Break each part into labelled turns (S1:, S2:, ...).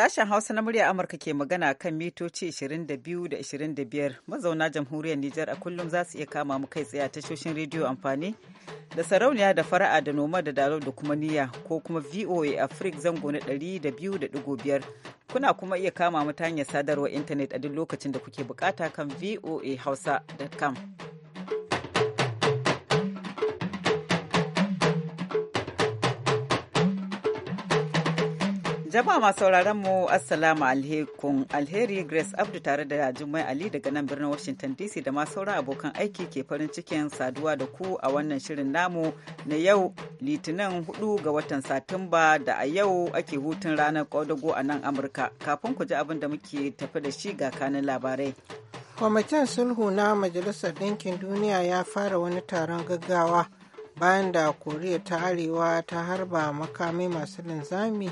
S1: Sashen Hausa na murya Amurka ke magana kan mitoci 22 da 25 mazauna jamhuriyar Nijar a kullum za su iya kama mu kai tsaye a tashoshin rediyo amfani da sarauniya da fara'a da noma da dalo da kuma niyya ko kuma VOA afrik zango na 200.5 kuna kuma iya kama mu ta hanyar sadarwar intanet a duk lokacin da kuke bukata kan voa hausa.com. Jama'a masu sauraron mu Assalamu alaikum Alheri Grace Abdu tare da Jummai Ali daga nan birnin Washington DC da ma sauran abokan aiki ke farin cikin saduwa da ku a wannan shirin namu na yau Litinin 4 ga watan Satumba da a yau ake hutun ranar kwadago a nan Amurka. Kafin ku ji abin da muke tafi da shi ga kanin labarai.
S2: Kwamitin sulhu na Majalisar Ɗinkin Duniya ya fara wani taron gaggawa bayan da Koriya ta Arewa ta harba makami masu linzami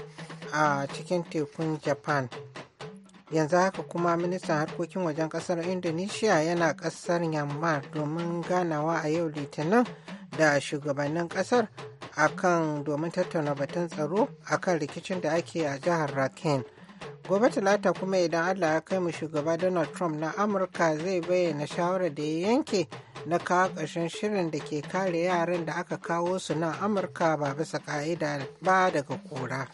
S2: a cikin tekun japan yanzu haka kuma ministan harkokin wajen kasar indonesia yana kasar myanmar domin ganawa a yau litinin da shugabannin kasar akan domin tattauna batun tsaro akan rikicin da ake a jihar rakhine gobe talata kuma idan allah ya kai mu shugaba donald trump na amurka zai bayyana shawarar da ya yanke na kawo ƙarshen shirin da ke kare yaran da aka kawo su nan amurka ba bisa ka'ida ba daga
S1: kura.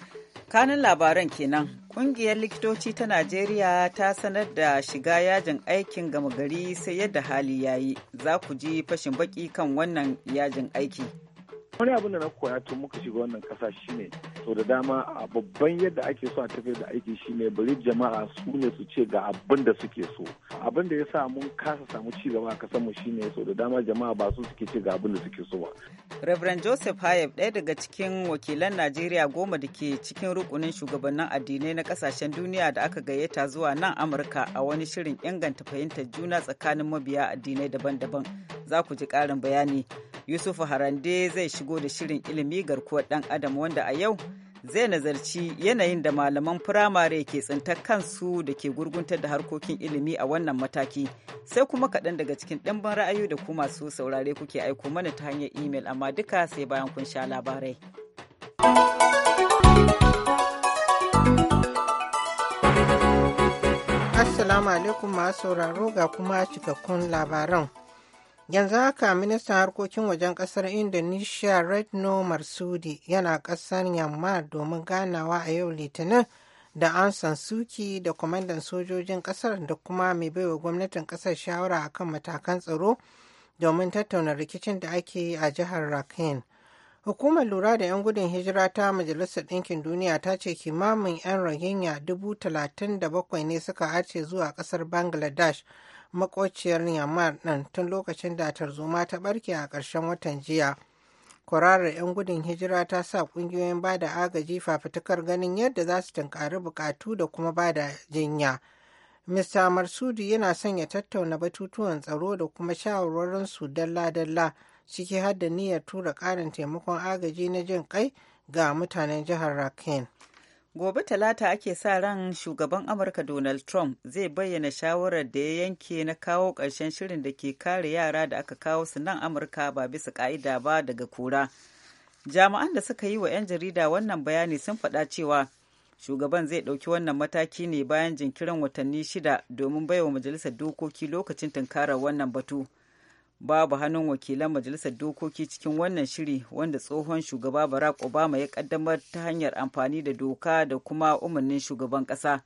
S1: kanin labaran kenan kungiyar likitoci ta najeriya ta sanar da shiga yajin aikin gama gari sai yadda hali yayi za ku ji fashin baki kan
S3: wannan yajin aiki wani abin da na koya tun muka shiga wannan kasa shine to da dama a babban yadda ake so a tafiyar da aiki shine bari jama'a su ne su ce ga abin da suke so abin da ya sa mun kasa samu ci gaba a kasanmu mu shine so da dama jama'a ba su suke ce ga abin da suke so ba
S1: Reverend Joseph Hayab ɗaya daga cikin wakilan Najeriya goma da ke cikin rukunin shugabannin addinai na kasashen duniya da aka gayyata zuwa nan Amurka a wani shirin inganta fahimtar juna tsakanin mabiya addinai daban-daban za ku ji ƙarin bayani. Yusuf Harande zai shigo da shirin ilimi garkuwar ɗan Adam wanda a yau zai nazarci yanayin da malaman firamare ke tsintar kansu da ke gurguntar da harkokin ilimi a wannan mataki sai kuma kaɗan daga cikin ɗimbin ra'ayoyi da kuma su saurare kuke aiko mana ta hanyar imel amma duka sai bayan kun sha labarai. Assalamu
S2: alaikum masu sauraro ga kuma cikakkun labaran. Yanzu haka ministan harkokin wajen kasar Indonesia Retno Marsudi yana kasar Yamma domin ganawa a yau Litinin da an Suki da kwamandan sojojin kasar da kuma mai baiwa gwamnatin kasar shawara a kan matakan tsaro domin tattauna rikicin da ake yi a jihar Rakhine. Hukumar lura da 'yan gudun hijira ta Majalisar Ɗinkin Duniya ta ce kimamin 'yan Rohingya dubu talatin da bakwai ne suka arce zuwa ƙasar Bangladesh makociyar Myanmar nan tun lokacin da tarzoma ta ɓarke a ƙarshen watan jiya. Kwararar 'yan gudun hijira ta sa ƙungiyoyin ba da agaji fafutukar ganin yadda za su tunkari buƙatu da kuma ba da jinya. Mr. Marsudi yana son ya tattauna batutuwan tsaro da kuma shawarwarinsu dalla-dalla ciki har da niyyar tura ƙarin taimakon agaji na jin kai ga mutanen jihar Rakhine.
S1: Gobe Talata ake sa ran shugaban Amurka Donald Trump zai bayyana shawarar da ya yanke na kawo ƙarshen shirin da ke kare yara da aka kawo su nan Amurka ba bisa ƙa'ida ba daga kura. Jami'an da suka yi wa 'yan jarida wannan bayani sun faɗa cewa shugaban zai ɗauki wannan mataki ne bayan jinkirin watanni shida domin baiwa majalisar dokoki lokacin tunkarar wannan batu. babu hannun wakilan majalisar dokoki cikin wannan shiri wanda tsohon shugaba barack obama ya kaddamar ta hanyar amfani da doka da kuma umarnin shugaban kasa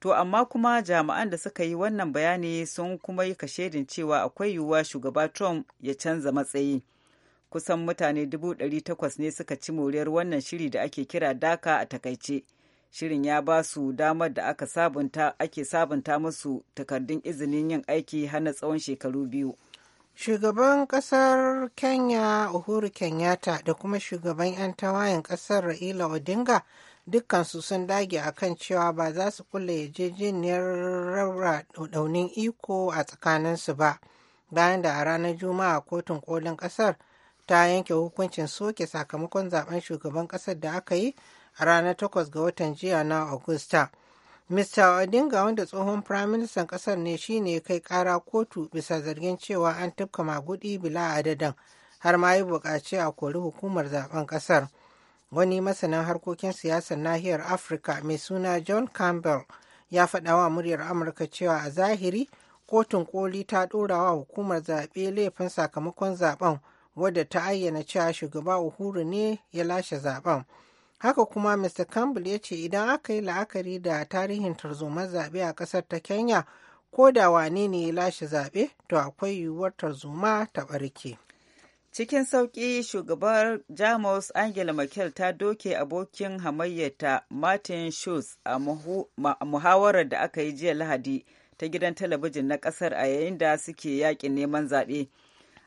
S1: to amma kuma jami'an da suka yi wannan bayani sun kuma yi kashedin cewa akwai yiwuwa shugaba trump ya canza matsayi kusan mutane takwas ne suka ci moriyar wannan shiri da ake kira daka a takaice shirin ya ba su damar da aka sabunta ake sabunta musu takardun izinin yin aiki har na tsawon shekaru biyu Shugaban
S2: ƙasar Kenya Uhuru Kenyatta da kuma shugaban 'yan tawayen ƙasar Raila Odinga dukkansu sun dage a kan cewa ba za su kulle yarjejeniyar raura daunin iko a tsakaninsu ba bayan da a ranar juma'a kotun kolin kasar ta yanke hukuncin soke sakamakon zaben shugaban kasar da aka yi a ranar 8 ga watan jiya na agusta Mr. Odinga wanda tsohon firaministan ƙasar ne shine ya kai kara kotu bisa zargin cewa an tafka magudi bila adadin har ma yi buƙaci a kori hukumar zaben ƙasar. Wani masanin harkokin siyasar nahiyar Afrika mai suna John Campbell ya faɗa wa muryar Amurka cewa a zahiri kotun koli ta ɗora wa hukumar zaɓe laifin sakamakon zaben wadda ta ayyana cewa shugaba Uhuru ne ya lashe zaben. Haka kuma Mr. Campbell ya ce idan aka yi la'akari da tarihin tarzomar zaɓe a ƙasar ta Kenya,
S1: ko da wane ne ya lashe zaɓe, to akwai yiwuwar tarzoma ta ɓarke. Cikin sauƙi shugabar Jamus Angela Merkel ta doke abokin hamayyata Martin Schulz a muhawarar da aka yi jiya Lahadi ta gidan talabijin na ƙasar a yayin da suke yaƙin neman zaɓe.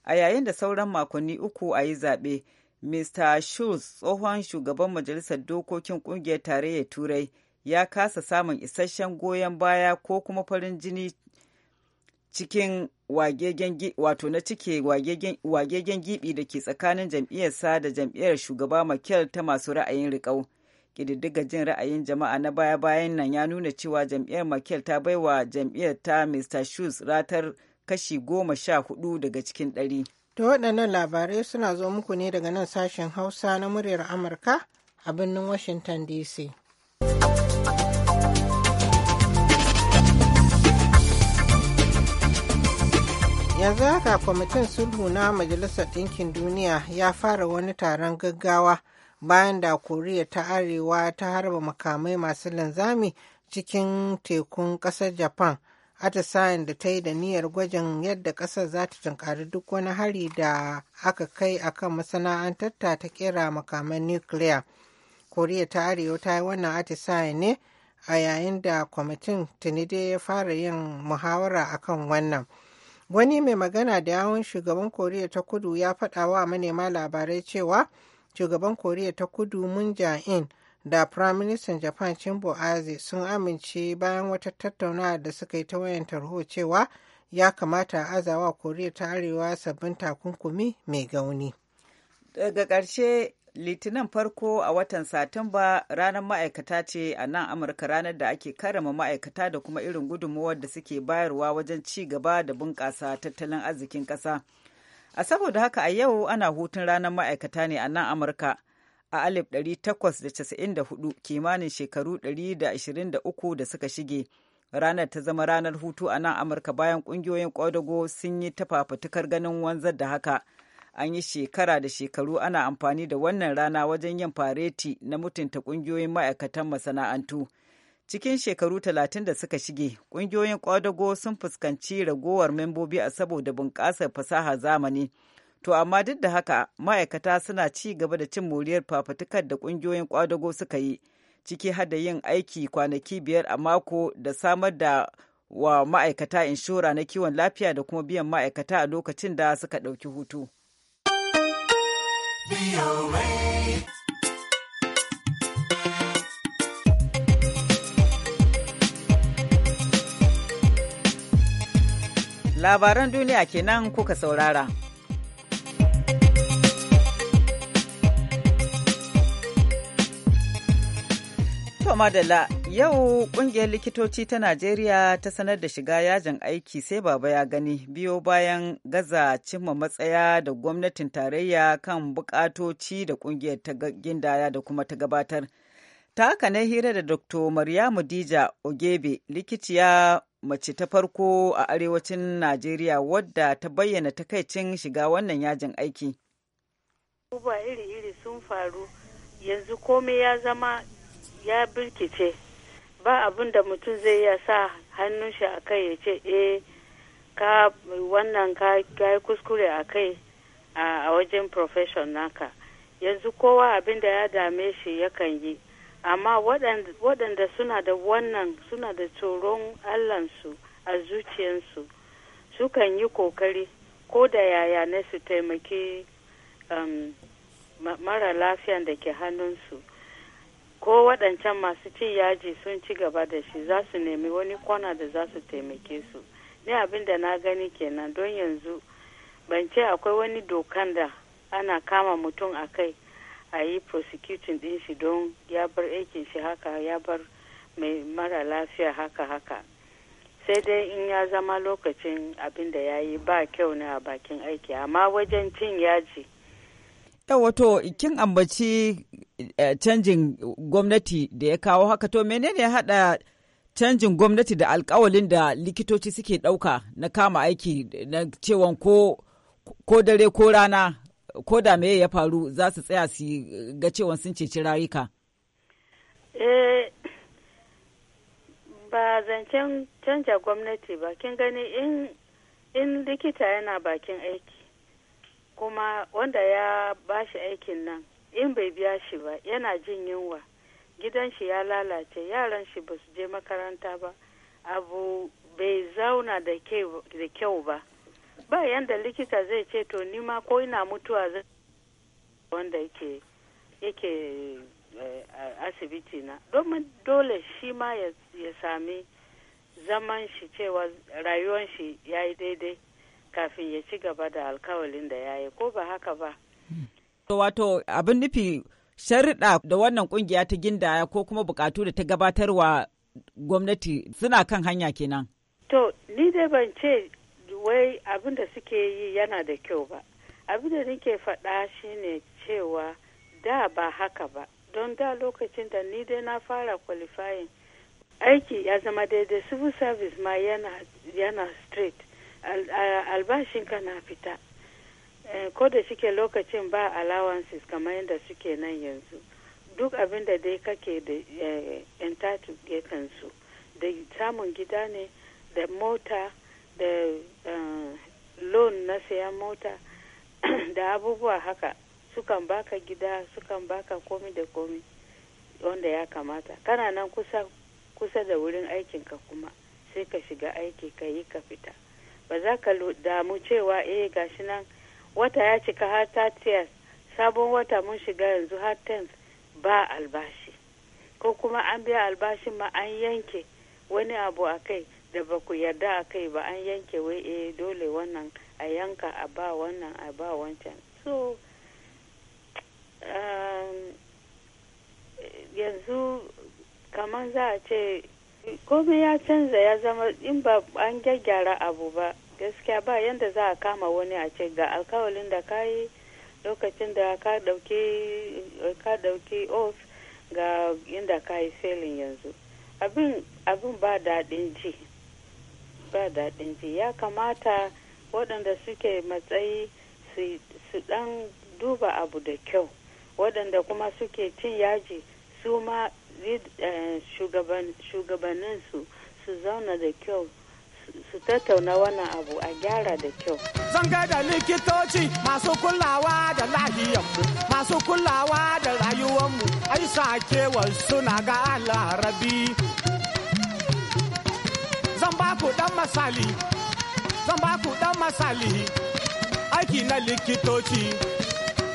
S1: A yayin da sauran makonni uku a yi zaɓe, Mr. Schultz, tsohon shugaban Majalisar Dokokin Ƙungiyar Tarayyar Turai, ya kasa samun isasshen goyon baya ko kuma farin jini cikin wato na cike wagegen gibi da ke tsakanin jam'iyyarsa da jam'iyyar shugaba makel ta masu ra'ayin riƙau. Ƙididdiga jin ra'ayin jama'a na baya-bayan nan ya nuna cewa jam'iyyar Makel ta baiwa jam'iyyar ta Mr. Schultz ratar kashi goma sha hudu daga cikin ɗari. Da waɗannan
S2: labarai suna zo muku ne daga nan sashen Hausa na muryar Amurka a birnin Washington DC. yanzu haka kwamitin sulhu na majalisar ɗinkin duniya ya fara wani taron gaggawa bayan da koriya ta arewa ta harba makamai masu linzami cikin tekun ƙasar japan atisayen da ta yi da niyyar gwajin yadda ƙasar za ta tunkari duk wani hari da aka kai akan masana'antarta ta kera makaman nukiliya koriya ta arewa ta yi wannan atisayen ne a yayin da kwamitin tunide ya fara yin muhawara a kan wannan wani mai magana da yawon shugaban koriya ta kudu ya faɗa wa manema labarai cewa shugaban koriya ta kudu mun in da Firaministan Japan Shinzo Aze sun amince bayan wata tattaunawa da suka yi ta wayan tarho cewa ya kamata a azawa Koriya ta Arewa sabbin takunkumi mai gauni.
S1: Daga karshe Litinin farko a watan Satumba ranar ma'aikata ce a nan Amurka ranar da ake karama ma'aikata da kuma irin gudunmuwar da suke bayarwa wajen ci gaba da bunƙasa tattalin arzikin ƙasa. A saboda haka a yau ana hutun ranar ma'aikata ne a nan Amurka. a 1894 kimanin shekaru 123 da suka shige. Ranar ta zama ranar hutu a nan Amurka bayan ƙungiyoyin ƙwadago sun yi ta ganin wanzar da haka. An yi shekara da shekaru ana amfani da wannan rana wajen yin fareti na mutunta ƙungiyoyin ma'aikatan masana'antu. Cikin shekaru talatin da suka shige, ƙungiyoyin ƙwadago sun fuskanci ragowar membobi a saboda bunƙasar fasaha zamani. To amma duk da haka ma'aikata suna ci gaba da cin moriyar fafatukar da ƙungiyoyin ƙwadago suka yi, ciki hada yin aiki kwanaki biyar a mako da samar da wa ma'aikata inshora na kiwon lafiya da kuma biyan ma'aikata a lokacin da suka ɗauki hutu. Labaran duniya kenan kuka saurara. madala yau kungiyar likitoci ta Najeriya ta sanar da shiga yajin aiki sai baba ya gani biyo bayan gaza cimma matsaya da gwamnatin tarayya kan bukatoci da kungiyar ta gindaya da kuma ta gabatar. Ta haka na hira da Dr. Maryamu Dija Ogebe likiciya mace ta farko a arewacin Najeriya wadda ta bayyana takaicin shiga wannan yajin aiki.
S4: iri-iri sun faru yanzu komai ya zama ya birkice ba abin da mutum zai ya sa hannun shi a kai ya ce eh ka wannan ka yi kuskure a kai a wajen profession naka yanzu kowa abin da ya dame shi yakan yi amma waɗanda suna da wannan suna da tsoron allansu a zuciyarsu sukan yi kokari ko da yaya na su taimaki um, mara lafiyan da ke hannunsu ko waɗancan masu cin yaji sun ci gaba da shi za su nemi wani kwana da za su taimake su ne abin da na gani kenan don yanzu ban ce akwai wani dokan da ana kama mutum a kai a yi prosecuting din shi don ya bar aikin shi haka ya bar mai mara lafiya haka haka sai dai in ya zama lokacin abin da ya yi ba kyau ne a bakin aiki amma wajen cin yaji
S1: wato kin ambaci e, canjin gwamnati da ya kawo haka to menene ya haɗa canjin gwamnati da alkawalin da likitoci suke ɗauka na kama aiki na cewon ko dare ko rana ko da me ya faru za su tsaya su ga cewa sun ceci rayuka?
S4: Eh, ba zancen canja gwamnati ba kin gani in likita yana bakin aiki kuma wanda ya bashi aikin nan in bai biya shi ba yana jin yunwa gidan shi ya lalace yaran shi ba su je makaranta ba abu bai zauna da kyau ba ba yanda likita zai ce to nima ko ina mutuwa zai wanda yake yake eh, asibiti na domin dole shi ma ya sami zaman shi cewa rayuwan shi ya yi daidai kafin ya ci gaba da alkawalin da ya yi ko ba haka ba.
S1: Wato abin nufi sharuɗa da wannan kungiya ta gindaya ko kuma bukatu da ta gabatarwa gwamnati suna kan hanya kenan.
S4: To ni dai ban ce wai abin da suke yi yana da kyau ba. Abin da nake faɗa shine cewa da ba haka ba. Don da lokacin da ni dai na fara qualifying aiki ya zama daidai civil service ma yana, yana straight. albashin ka na fita eh, ko da shike lokacin ba allowances kamar yadda suke nan yanzu
S5: duk abin da
S4: dai kake da eh, entitled ya su da samun gida ne da mota da eh, loan na sayan mota da abubuwa haka sukan baka gida sukan baka komi da komi wanda ya kamata kana nan kusa da wurin aikinka kuma sai ka shiga aiki ka yi ka fita ba za ka damu cewa eh gashi nan wata ya cika har 30 sabon wata mun shiga yanzu har 10 ba albashi ko kuma an biya albashin ma an yanke wani abu a kai da ba ku yarda a kai ba an yanke wai eh dole wannan a yanka a ba wannan a ba wancan so um, yanzu kamar za a ce komai ya canza ya zama in ba an gyaggyara abu ba gaskiya ba yadda za a kama wani a ce ga alkawalin da ka yi lokacin da ka ɗauki off ga inda ka yi selin yanzu abin abin ba daɗin ji ba daɗin ji ya kamata waɗanda suke matsayi su ɗan duba abu da kyau waɗanda kuma suke cin yaji su ma Eh, shugabannin su su zauna da kyau su tattauna wannan abu a gyara da kyau.
S6: Zan da likitoci masu kulawa da lahiyanmu, masu kulawa da rayuwanmu, ai sakewar suna ga larabi. Zan ba ku dan masali, zan ba ku dan masali, aiki na likitoci,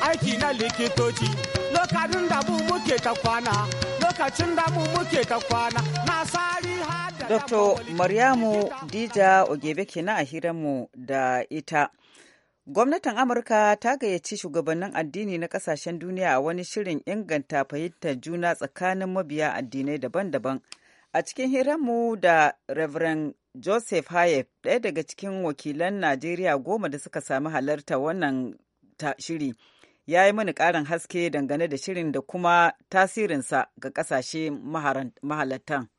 S6: aiki na likitoci, lokacin da mu muke ta kwana. lokacin da mu muke ta kwana na sari hada Dr. Maryamu
S1: Dija Ogebe na a hiranmu da ita. Gwamnatin Amurka ta gayyaci shugabannin addini na kasashen duniya a wani shirin inganta fahimtar juna tsakanin mabiya addinai daban-daban. A cikin hiranmu da Reverend Joseph Hayef, ɗaya daga cikin wakilan Najeriya goma da suka sami halarta wannan shiri. ya yi mini ƙarin haske dangane da shirin da kuma tasirinsa ga ƙasashe mahalattan.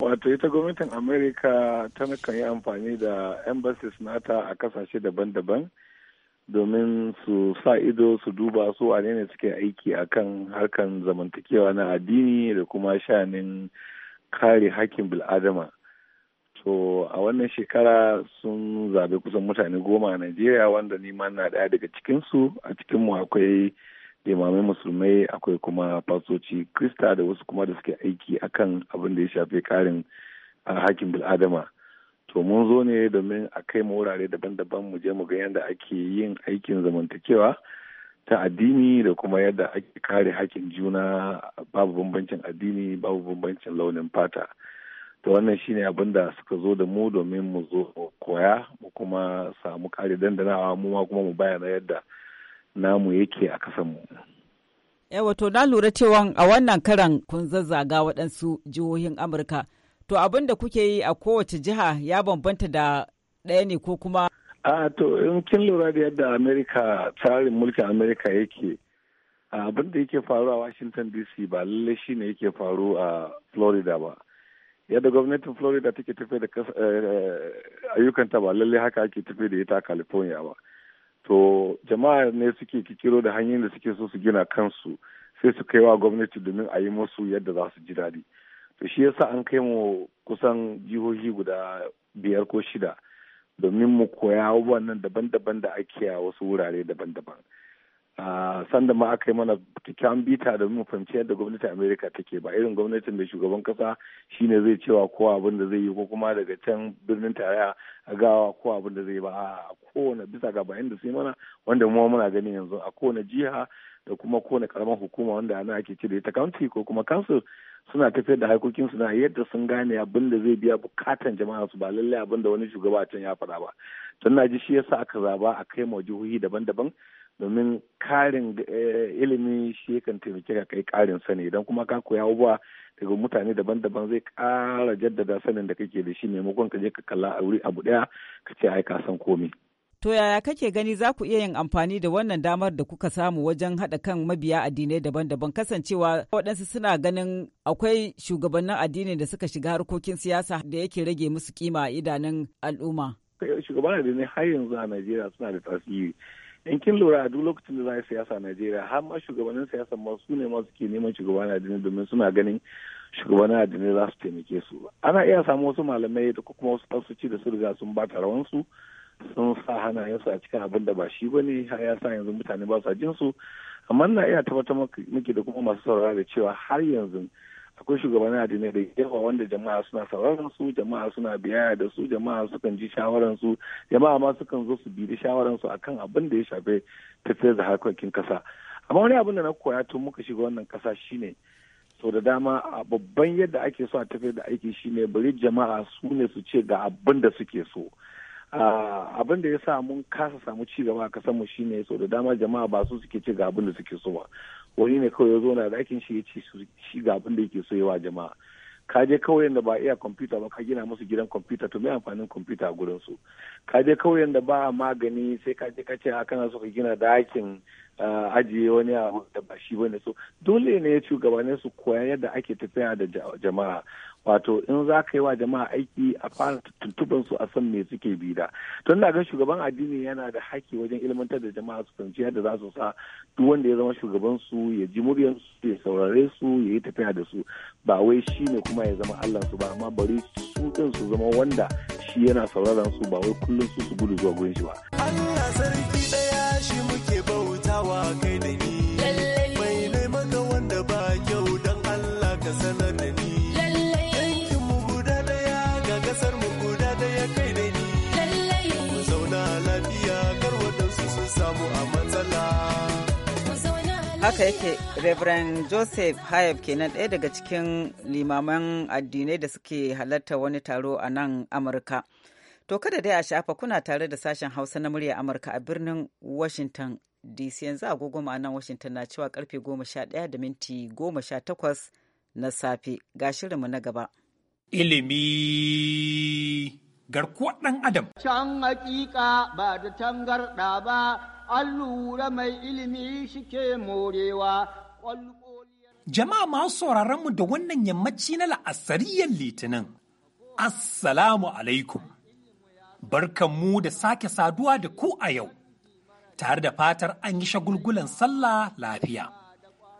S3: Wato ita gwamnatin Amerika ta kan yi amfani da embassies nata a ƙasashe daban-daban domin su sa ido su duba su wane ne suke aiki akan harkan zamantakewa na addini da kuma shanin kare hakkin bil'adama. so a wannan shekara sun zabe kusan mutane goma a najeriya wanda nima na daya daga cikinsu a cikinmu akwai limamai musulmai akwai kuma fasoci krista da wasu kuma da suke aiki akan abin da ya shafi karin hakkin bil'adama to mun zo ne domin a kai mu wurare daban-daban mu je mu ga yadda ake yin aikin zamantakewa ta addini da kuma yadda ake kare hakkin juna babu bambancin addini babu bambancin launin fata to wannan shine abin da suka zo da mu domin mu zo koya mu kuma samu kare dandanawa mu ma kuma mu bayyana yadda namu yake a kasan mu
S1: yawa eh, to na lura cewa a wannan karan kun zazzaga waɗansu jihohin amurka to abinda kuke yi a kowace jiha ya bambanta da ɗaya ne ko kuma
S3: a to in kin lura da yadda amerika tsarin mulkin amerika yake abin da yake faru a washington dc ba lallai shine yake faru a florida ba yadda gwamnatin florida take tafi da eh, eh, ayyukanta ba lallai haka ake tafi da ita a california ba to jama'a ne suke kikiro da hanyoyin da suke so su gina kansu sai su kai wa gwamnati domin a yi musu yadda za su ji daɗi to shi yasa an kai mu kusan jihohi guda biyar ko shida domin mu koya wannan daban-daban da ake a wasu wurare daban-daban sanda ma aka yi mana kyakkyawan bita da mu fahimci yadda gwamnatin amerika take ba irin gwamnatin da shugaban kasa shine zai cewa ko abin da zai yi ko kuma daga can birnin tarayya a gawa ko abin da zai yi ba a kowane bisa ga bayan da sai mana wanda mu muna gani yanzu a kowane jiha da kuma kowane karamar hukuma wanda ana ake ce da ita county ko kuma council suna tafiyar da su na yadda sun gane abin da zai biya bukatan jama'a su ba lallai abin da wani shugaba can ya faɗa ba tun na ji shi yasa aka zaba a kai ma jihohi daban-daban domin karin eh, ilimi shi yakan taimake ka kai karin sani idan kuma ka koya abubuwa daga mutane daban-daban zai kara jaddada sanin da kake da shi maimakon ka je ka kalla a wuri abu daya ka ce ai ka san komi
S1: to yaya kake gani za ku iya yin amfani da wannan damar da kuka samu wajen haɗa kan mabiya addinai daban-daban kasancewa waɗansu suna ganin akwai shugabannin addini da suka shiga harkokin siyasa da yake rage musu kima a idanun al'umma
S3: shugabannin addinai har yanzu a najeriya suna da tasiri in kin lura duk lokacin da za a siyasa a Najeriya har ma shugabannin siyasa ma su ne ma suke neman shugabannin addini domin suna ganin shugabannin addini za su taimake su ana iya samu wasu malamai da kuma wasu tsarsuci da su riga sun bata su sun sa su a cikin abin da ba shi ba ne har ya sa yanzu mutane ba su jin su amma na iya tabbatar miki da kuma masu saurara da cewa har yanzu akwai shugabannin addinai da yawa wanda jama'a suna sauraron su jama'a suna biyayya da su jama'a sukan ji shawaran su jama'a ma sukan zo su biyi shawaran su akan abin da ya shafi tafiyar da harkokin kasa amma wani abin da na koya tun muka shiga wannan kasa shine sau da dama a babban yadda ake so a tafiyar da aiki shine bari jama'a su ne su ce ga abin da suke so abin da ya sa mun kasa samu ci gaba a kasar mu shine sau da dama jama'a ba su suke ce ga abin da suke so ba wani ne kawai ya zo na dakin shi ya ce shi ga abin da yake so yawa jama'a ka je kauyen da ba iya kwamfuta ba ka gina musu gidan kwamfuta to me amfanin kwamfuta a gurin su ka je kauyen da ba magani sai ka je ka ce a kana so ka gina dakin ajiye wani abu da ba shi bane so dole ne shugabannin su koya yadda ake tafiya da jama'a wato in za ka yi wa jama'a aiki a fara tuntuban su a san me suke bi da tun da ga shugaban addini yana da haƙƙi wajen ilmantar da jama'a su fahimci yadda za su sa duk wanda ya zama shugaban su ya ji muryan su ya saurare su ya yi tafiya da su ba wai shi ne kuma ya zama Allah su ba amma bari su din su zama wanda shi yana sauraron su ba wai kullum su su gudu zuwa gurin shi ba Allah sarki daya shi muke adawa kai da ni mai maka wanda ba kyau don Allah ka sanar da ni yankin mu guda daya ga kasar mu guda daya kai da ni mu zauna lafiya kar wadansu sun samu a matsala
S1: haka yake reverend joseph hayab kenan ɗaya daga cikin limaman addinai da suke halarta wani taro a nan amurka to kada dai a shafa kuna tare da sashen hausa na murya amurka a birnin washington dc yanzu agogo ma'anan washington na cewa karfe 11 da minti 18 na safe ga shirinmu na gaba
S5: ilimi garkuwar ɗan adam
S2: can hakika ba da tangarɗa ba an lura mai ilimi shike morewa
S5: jama'a masu sauraron mu da wannan yammaci na la'asariyar litinin assalamu alaikum barkanmu da sake saduwa da ku a yau tare da fatar an yi shagulgulan sallah lafiya.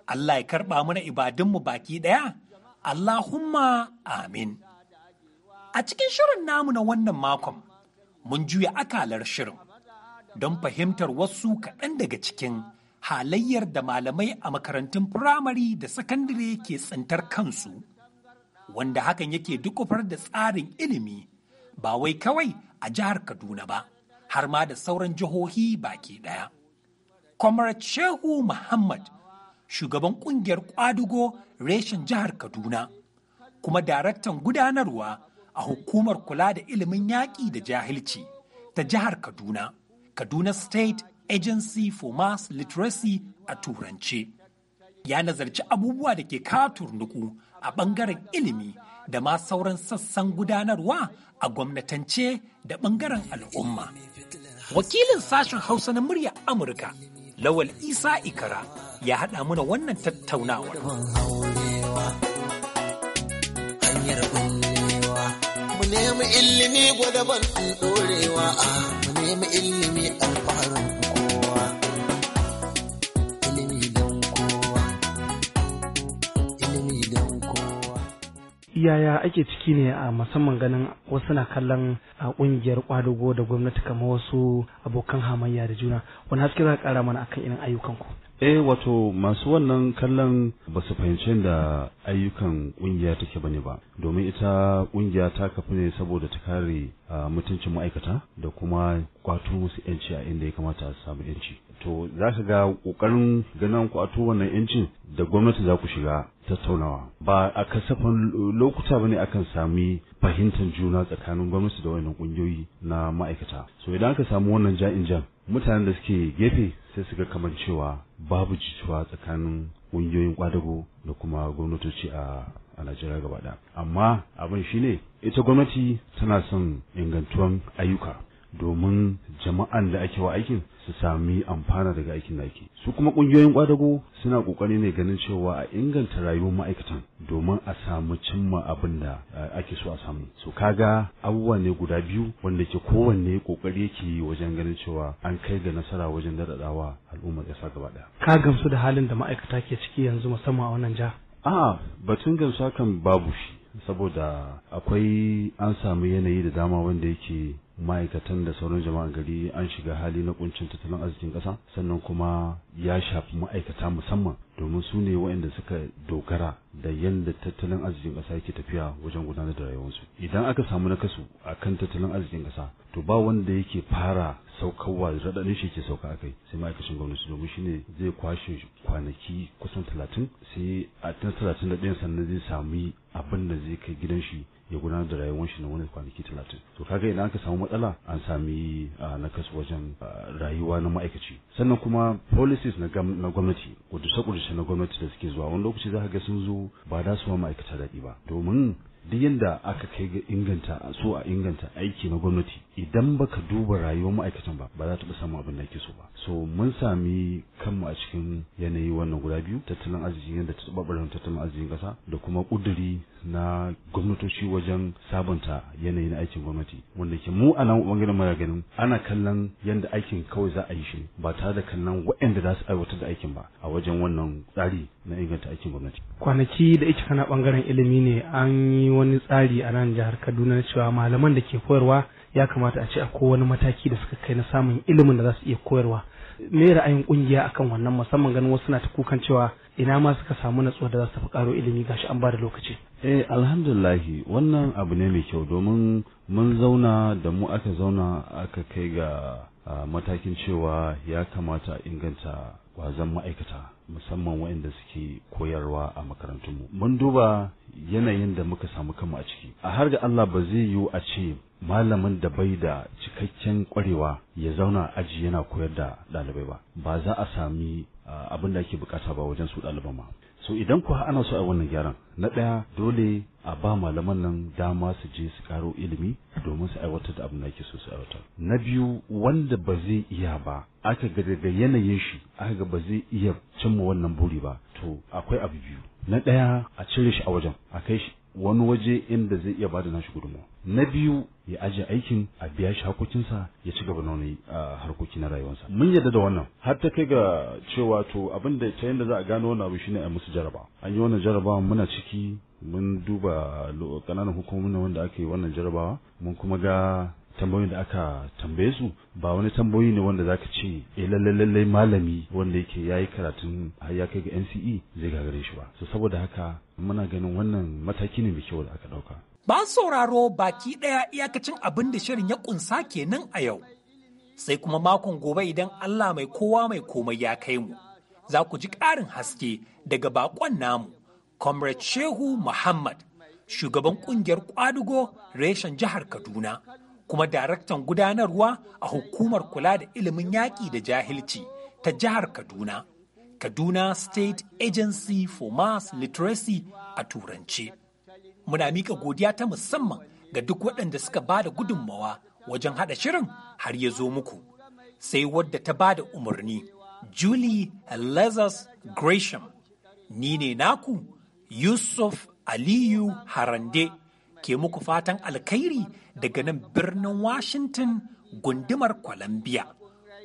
S5: Allah ya karɓa mana ibadunmu baki ɗaya, Allahumma amin. A cikin shirin namu na wannan makon, mun juya akalar shirin don fahimtar wasu kaɗan daga cikin halayyar da malamai a makarantun firamare da sakandare ke tsintar kansu, wanda hakan yake dukufar da tsarin ilimi ba wai kawai a jihar Kaduna ba. har ma da sauran jihohi baki ɗaya. Comrade Shehu Muhammad, shugaban ƙungiyar ƙwadugo reshen jihar Kaduna, kuma daraktan gudanarwa a hukumar kula da ilimin yaƙi da jahilci ta jihar Kaduna, Kaduna State Agency for Mass Literacy a Turance. Ya nazarci abubuwa da ke nuku a ɓangaren ilimi da ma sauran sassan gudanarwa a gwamnatance da ɓangaren al'umma. Wakilin sashen Hausa na murya Amurka, Lawal Isa Ikara, ya haɗa muna wannan tattaunawar. Mu
S2: nemi ilimi
S5: gwadaban ɗorewa, mu nemi ilimi alfaharin
S7: yaya ake ciki ne a musamman ganin wasu na kallon a kungiyar kwadugo da gwamnati kamar wasu abokan hamayya da juna wani haske za ka kara mana akan irin ayyukanku eh wato masu wannan kallon ba su fahimci da ayyukan kungiya take bane ba domin ita kungiya ta kafi ne saboda ta kare mutuncin ma'aikata da kuma kwato musu yanci a inda ya kamata su samu yanci to za ka ga kokarin ganin kwato wannan yancin da gwamnati za ku shiga tattaunawa ba a kasafin lokuta bane akan sami fahimtar juna tsakanin gwamnati da wannan kungiyoyi na ma'aikata so idan aka samu wannan ja'in jan mutanen da suke gefe sai su ga kamar cewa babu jituwa tsakanin ƙungiyoyin kwadago da kuma gwamnatoci a a Najeriya gaba ɗaya. Amma abin shine ita gwamnati tana son ingantuwan ayyuka domin jama'an da ake wa aikin su sami amfana daga aikin da ake su kuma ƙungiyoyin kwadago suna kokari ne ganin cewa a inganta rayuwar ma'aikatan domin a samu cimma abin da eh, ake so a samu so kaga abubuwa ne guda biyu wanda ke kowanne ƙoƙari yake yi wajen ganin cewa an kai ga nasara wajen daɗaɗawa al'ummar ƙasa gaba ɗaya ka gamsu da halin da ma'aikata ke ciki yanzu musamman a wannan jihar a'a batun gamsu kan babu shi saboda akwai an samu yanayi da dama wanda yake ma'aikatan da sauran jama'an gari an shiga hali na kuncin tattalin arzikin ƙasa sannan kuma ya shafi ma'aikata musamman domin su ne waɗanda suka dogara da yadda tattalin arzikin ƙasa yake tafiya wajen gudanar da rayuwarsu idan aka samu nakasu a kan tattalin arzikin ƙasa to ba wanda yake fara saukarwa raɗaɗin shi ke sauka akai sai ma'aikacin gwamnati domin ne zai kwashe kwanaki kusan talatin sai a talatin da ɗayan sannan zai sami abin da zai kai gidan shi ya gudanar da rayuwar shi na wani kwanaki talatin to kaga idan aka samu matsala an sami kasu wajen rayuwa na ma'aikaci sannan kuma policies na gwamnati kudusa-kudusa na gwamnati da suke zuwa wani lokaci za ka ga sun zo ba da su ma ma'aikata daɗi ba domin duk yadda aka kai ga inganta so a inganta aiki na gwamnati idan baka duba rayuwar ma'aikatan ba ba za ta samu abin da ake so ba so mun sami kanmu a cikin yanayi wannan guda biyu tattalin arziki yadda ta tattalin arzikin kasa da kuma kuduri na gwamnatoci wajen sabunta yanayin aikin gwamnati wanda ke mu a nan bangaren mara ganin ana kallon yadda aikin kawai za a yi shi ba tare da kallon waɗanda za su aiwatar da aikin ba a wajen wannan tsari na inganta aikin gwamnati. Kwanaki da ita kana bangaren ilimi ne an yi wani tsari a nan jihar Kaduna cewa malaman da ke koyarwa ya kamata a ce ko wani mataki da suka kai na samun ilimin da za su iya koyarwa. Me ra'ayin kungiya akan wannan musamman ganin wasu na ta kukan cewa ina ma suka samu natsuwa da za su tafi karo ilimi gashi an ba da lokaci eh alhamdulillahi wannan abu ne mai kyau domin mun zauna da mu aka zauna aka kai ga matakin cewa ya kamata inganta wazan ma'aikata musamman waɗanda suke koyarwa a makarantunmu mun duba yanayin da muka samu kanmu a ciki a har da Allah ba zai yiwu a ce malamin da bai da cikakken kwarewa ya zauna aji yana koyar da ɗalibai ba ba za a sami abin da ake bukata ba wajen su ɗaliban ma so idan kuwa ana so a wannan gyaran na ɗaya dole a ba malaman nan dama su je su karo ilimi domin su aiwatar da abin da ake so su aiwatar na biyu wanda ba zai iya ba aka ga daga yanayin shi aka ga ba zai iya cimma wannan buri ba to akwai abu biyu na ɗaya a cire shi a wajen a kai shi wani waje inda zai iya ba da nashi gudunmawa na biyu ya aje aikin a biya shi hakokinsa ya ci gaba a harkoki na rayuwarsa mun yarda da wannan har ta kai ga cewa to abin da ta yanda za a gano wannan abu shine a musu jaraba an yi wannan jarabawa muna ciki mun duba kananan hukumomin wanda aka yi wannan jarabawa mun kuma ga tambayoyin da aka tambaye su ba wani tambayoyi ne wanda zaka ce eh lalle lalle malami wanda yake yayi karatun har ya kai ga NCE zai gagare shi ba so saboda haka muna ganin wannan mataki ne mai kyau da aka dauka
S5: Ba sauraro baki ɗaya iyakacin abin da shirin ya ƙunsa kenan a yau. Sai kuma makon gobe idan Allah mai kowa mai komai ya kai mu, za ku ji ƙarin haske daga baƙon namu, Comrade Shehu Muhammad, shugaban ƙungiyar ƙwadugo reshen jihar Kaduna, kuma daraktan gudanarwa a hukumar kula da ilimin yaƙi da jahilci ta jihar Kaduna, Kaduna State Agency for Mass Literacy a Turanci. muna mika godiya ta musamman ga duk waɗanda suka ba da gudunmawa wajen haɗa shirin har ya zo muku. Sai wadda ta ba da umarni, Julie Lazarus Gresham, ni ne naku Yusuf Aliyu Harande ke muku fatan alkhairi daga nan birnin Washington gundumar Columbia.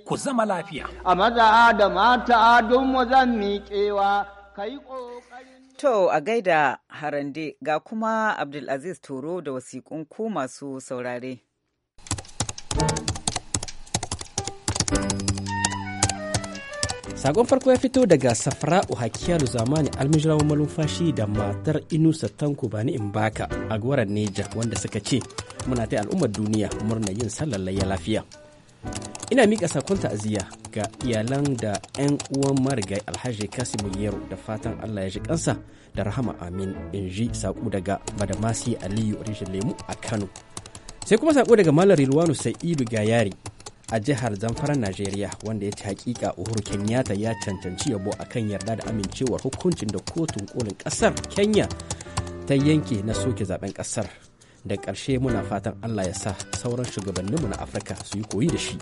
S5: Ku zama lafiya.
S1: A maza da mata don mu zan miƙewa, kai ƙoƙari. To a gaida harande ga kuma Abdulaziz Toro da wasiƙun masu saurare.
S6: Sakon farko ya fito daga Safra'u da Zamani almijirawan malumfashi da matar Inusa Tanko Bani Imbaka a gwarar Neja wanda suka ce muna ta al'ummar duniya murna yin sallar layya lafiya. ina miƙa sakon ta'aziyya ga iyalan da 'yan uwan marigai alhaji kasimu yero da fatan allah ya ji kansa da rahama amin in ji saƙo daga badamasi aliyu rishin lemu a kano sai kuma saƙo daga malar rilwanu sa'idu gayari a jihar zamfara najeriya wanda ya ci hakika uhuru kenyatta ya cancanci yabo a kan yarda da amincewar hukuncin da kotun kolin kasar kenya ta yanke na soke zaben ƙasar da ƙarshe muna fatan allah ya sa sauran shugabanninmu na afirka su yi koyi da shi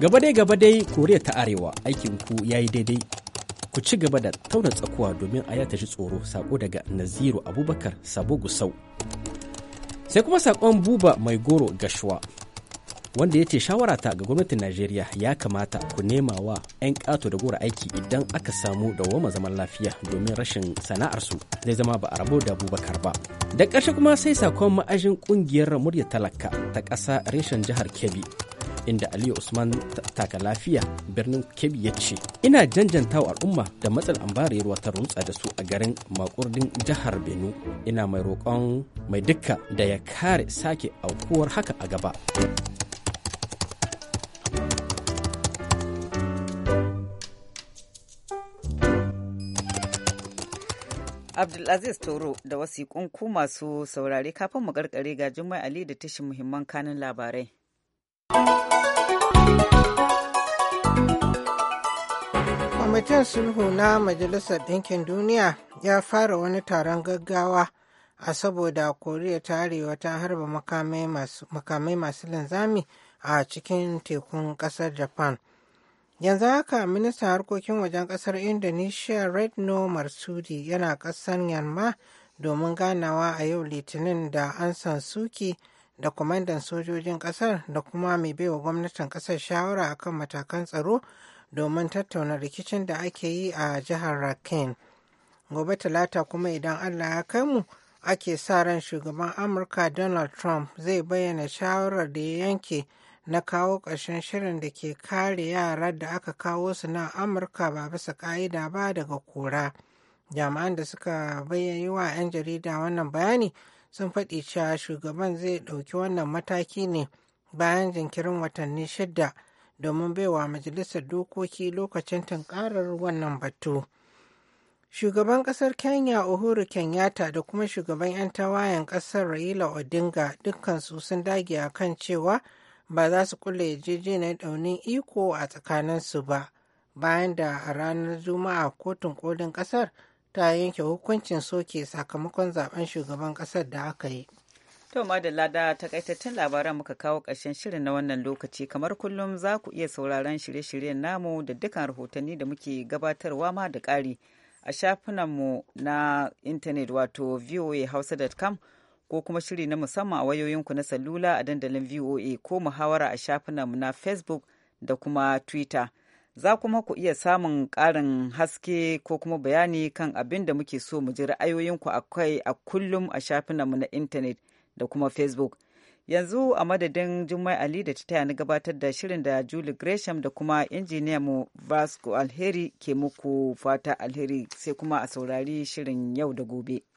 S6: gaba dai gaba dai koriya ta arewa aikin ku ya yi daidai ku ci gaba da tauna tsakuwa domin a ya shi tsoro sako daga naziru abubakar sabo gusau sai kuma saƙon buba mai goro gashuwa wanda ya ce shawarata ga gwamnatin najeriya ya kamata ku nema wa 'yan ƙato da gora aiki idan aka samu dawoma zaman lafiya domin rashin sana'arsu zai zama ba a rabo da abubakar ba da ƙarshe kuma sai sakon ma'ajin ƙungiyar murya talaka ta ƙasa reshen jihar kebbi inda aliyu usman taka lafiya birnin kebbi ya ce ina janjanta wa al'umma da matsin ambariyar wata rutsa da su a garin makurdin jihar benu ina mai roƙon mai dukka da ya kare sake aukuwar haka a gaba
S1: Abdulaziz Toro da wasiƙun ku masu saurare kafin mu karkare ga Jummai Ali da tashin muhimman kanin labarai.
S2: Kwamitin sulhu na Majalisar Ɗinkin Duniya ya fara wani taron gaggawa a saboda Koriya ta Arewa ta harba makamai masu linzami a cikin tekun ƙasar Japan. Yanzu haka ministan harkokin wajen kasar Indonesia Retno Marsudi yana ƙasan yamma domin ganawa a yau Litinin da an san Suki da kwamandan sojojin kasar da kuma mai baiwa gwamnatin kasar shawara akan matakan tsaro domin tattauna rikicin da ake yi a jihar Rakhine. Gobe talata kuma idan Allah ya kai mu ake sa ran shugaban Amurka Donald Trump zai bayyana shawarar da ya yanke na kawo ƙarshen shirin da ke kare yara da aka kawo su na amurka ba bisa ƙa'ida ba daga kura jami'an da suka bayyana wa 'yan jarida wannan bayani sun faɗi cewa shugaban zai ɗauki wannan mataki ne bayan jinkirin watanni shidda, domin baiwa majalisar dokoki lokacin tunkarar wannan batu shugaban ƙasar kenya uhuru kenyatta da kuma shugaban 'yan tawayen ƙasar raila odinga dukkansu sun dage a kan cewa ba za su kulle yarjejeniyar daunin iko a tsakaninsu ba bayan da a ranar juma'a kotun kolin kasar ta yanke hukuncin soke sakamakon zaben shugaban kasar da aka yi
S1: To madalla da takaitaccen labaran muka kawo ƙarshen shirin na wannan lokaci kamar kullum za ku iya sauraron shirye-shiryen namu da dukkan rahotanni da muke gabatarwa ma da ƙari a shafinan mu na intanet wato voahausa.com ko kuma shiri na musamman a wayoyinku na salula a dandalin VOA ko muhawara a shafinanmu na Facebook da kuma Twitter. Za kuma ku iya samun ƙarin haske ko kuma bayani kan abin da muke so mu ji ra'ayoyinku kai a kullum a shafinanmu na intanet da kuma Facebook. Yanzu a madadin Jummai Ali da ta taya na gabatar da shirin da Julie Gresham da kuma mu Vasco Alheri ke muku fata alheri sai kuma a saurari shirin yau da gobe.